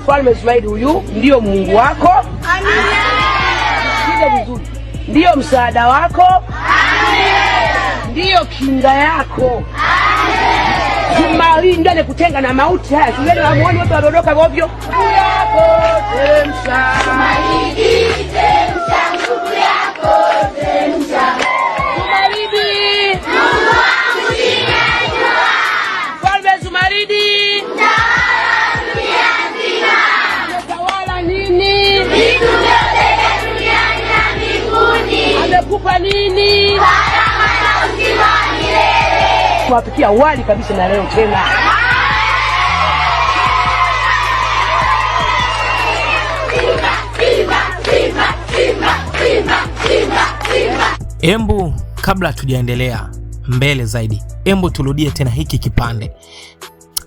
Mfalme Ismaili huyu ndiyo Mungu wako, amina. Vizuri, ndiyo msaada wako, amina. Ndiyo kinga yako, amina. Tumalinde na kutenga na mauti haya, tuende wamuoni watu wadodoka ovyo, uyapote msaliti kwa nini? Gharama wali kabisa na leo tena. Embu, kabla tujaendelea mbele zaidi, embu turudie tena hiki kipande,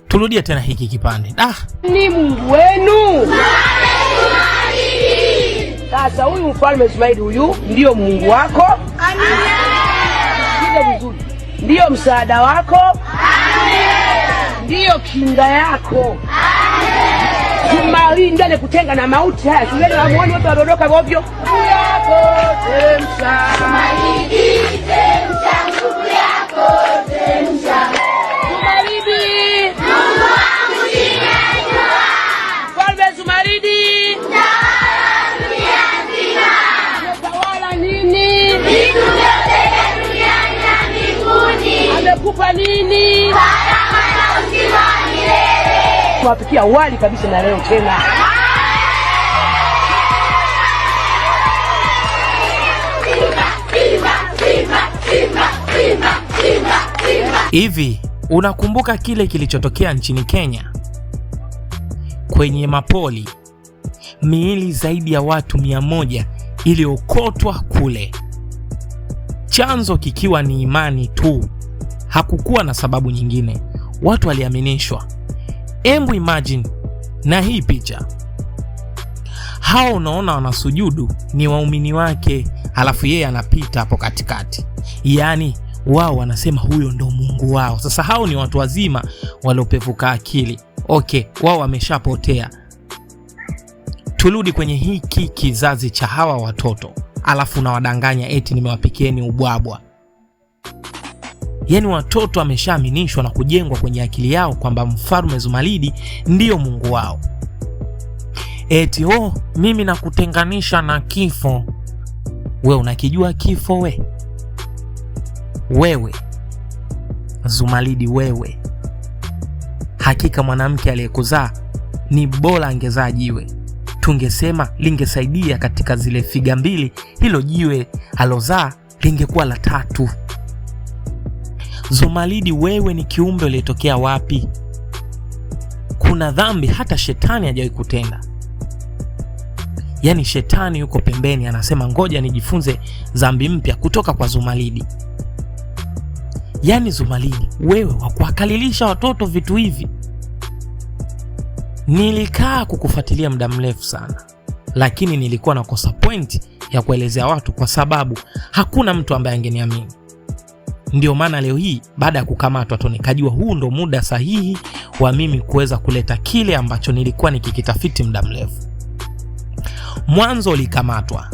turudie tena hiki kipande. Ah, ni Mungu wenu sasa. Huyu mfalme Ismaili, huyu ndio Mungu wako vizuri, ndiyo msaada wako, ndiyo kinga yako, tumalindane kutenga na mauti haya, sieni wamuoni watu wadondoka ovyo nini? Wapikia wali kabisa na leo tena hivi. Unakumbuka kile kilichotokea nchini Kenya kwenye mapoli, miili zaidi ya watu mia moja iliokotwa kule, chanzo kikiwa ni imani tu hakukuwa na sababu nyingine, watu waliaminishwa. Embu imagine na hii picha, hawa unaona wanasujudu ni waumini wake, halafu yeye anapita hapo katikati, yaani wao wanasema huyo ndo Mungu wao. Sasa hao ni watu wazima waliopevuka akili. Okay, wao wameshapotea. Turudi kwenye hiki kizazi cha hawa watoto, alafu nawadanganya eti nimewapikieni ubwabwa. Yaani watoto ameshaaminishwa na kujengwa kwenye akili yao kwamba mfalme Zumaridi ndiyo mungu wao. Eti oh, mimi nakutenganisha na kifo. We unakijua kifo? We wewe Zumaridi, wewe hakika mwanamke aliyekuzaa ni bora angezaa jiwe, tungesema lingesaidia katika zile figa mbili, hilo jiwe alozaa lingekuwa la tatu. Zomalidi, wewe ni kiumbe uliyetokea wapi? Kuna dhambi hata shetani hajawahi kutenda. Yaani shetani yuko pembeni, anasema ngoja nijifunze dhambi mpya kutoka kwa Zumaridi. Yaani Zumaridi, wewe wakuwakalilisha watoto vitu hivi. Nilikaa kukufuatilia muda mrefu sana, lakini nilikuwa nakosa pointi ya kuelezea watu, kwa sababu hakuna mtu ambaye angeniamini. Ndio maana leo hii baada ya kukamatwa tu nikajua huu ndo muda sahihi wa mimi kuweza kuleta kile ambacho nilikuwa nikikitafiti muda mrefu. Mwanzo likamatwa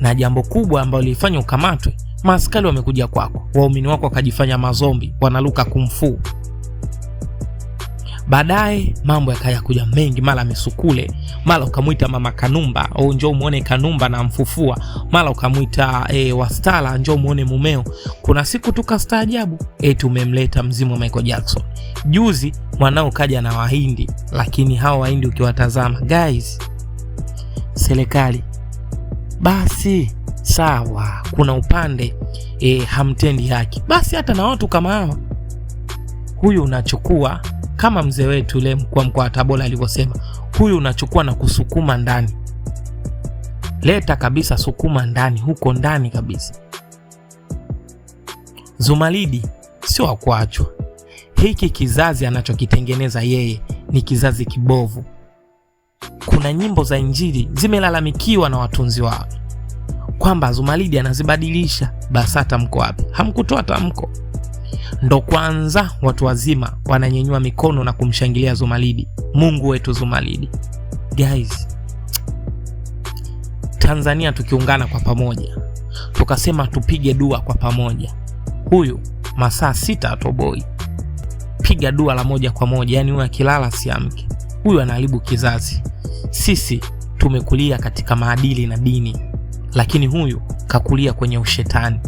na jambo kubwa ambalo lilifanya ukamatwe, maaskari wamekuja kwako, waumini wako wakajifanya mazombi, wanaluka kumfuu Baadaye mambo yakaja kuja mengi, mara misukule, mara ukamwita mama Kanumba, au njoo muone Kanumba na mfufua, mara ukamwita e, Wastara, njoo muone mumeo. Kuna siku tukastaajabu eti tumemleta mzimu Michael Jackson. Juzi mwanao kaja na Wahindi, lakini hao Wahindi ukiwatazama guys, serikali basi sawa, kuna upande e, hamtendi haki, basi hata na watu kama hawa, huyu unachukua kama mzee wetu yule mkuu mkoa wa Tabora alivyosema, huyu unachukua na kusukuma ndani, leta kabisa, sukuma ndani, huko ndani kabisa. Zumaridi sio wa kuachwa. Hiki kizazi anachokitengeneza yeye ni kizazi kibovu. Kuna nyimbo za Injili zimelalamikiwa na watunzi wao kwamba Zumaridi anazibadilisha. BASATA mko wapi? Hamkutoa tamko ndo kwanza watu wazima wananyenyua mikono na kumshangilia Zumaridi. Mungu wetu Zumaridi. Guys, Tanzania tukiungana kwa pamoja, tukasema tupige dua kwa pamoja, huyu masaa sita atoboi. Piga dua la moja kwa moja, yani huyu akilala siamke, huyu anaharibu kizazi. Sisi tumekulia katika maadili na dini, lakini huyu kakulia kwenye ushetani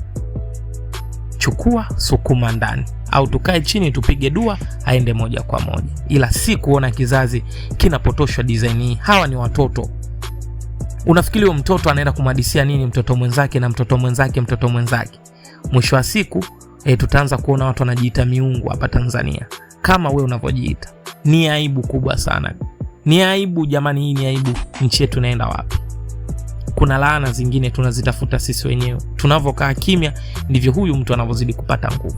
chukua sukuma ndani, au tukae chini tupige dua aende moja kwa moja, ila si kuona kizazi kinapotoshwa design hii. Hawa ni watoto. Unafikiri huyo mtoto anaenda kumadisia nini mtoto mwenzake na mtoto mwenzake mtoto mwenzake? Mwisho wa siku e, tutaanza kuona watu wanajiita miungu hapa Tanzania kama we unavyojiita. Ni aibu kubwa sana, ni aibu jamani, hii ni aibu. Nchi yetu inaenda wapi? kuna laana zingine tunazitafuta sisi wenyewe. Tunavyokaa kimya, ndivyo huyu mtu anavyozidi kupata nguvu.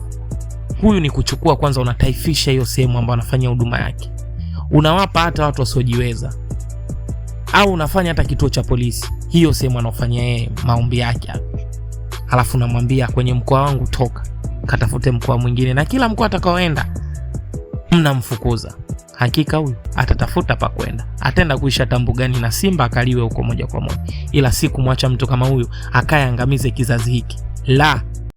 Huyu ni kuchukua kwanza, unataifisha hiyo sehemu ambayo anafanya huduma yake, unawapa hata watu wasiojiweza, au unafanya hata kituo cha polisi, hiyo sehemu anaofanya yeye maombi yake, halafu namwambia kwenye mkoa wangu toka, katafute mkoa mwingine, na kila mkoa atakaoenda mnamfukuza hakika huyu atatafuta pa kwenda, ataenda kuisha gani na simba akaliwe huko moja kwa moja, ila si kumwacha mtu kama huyu akayeangamize kizazi hiki la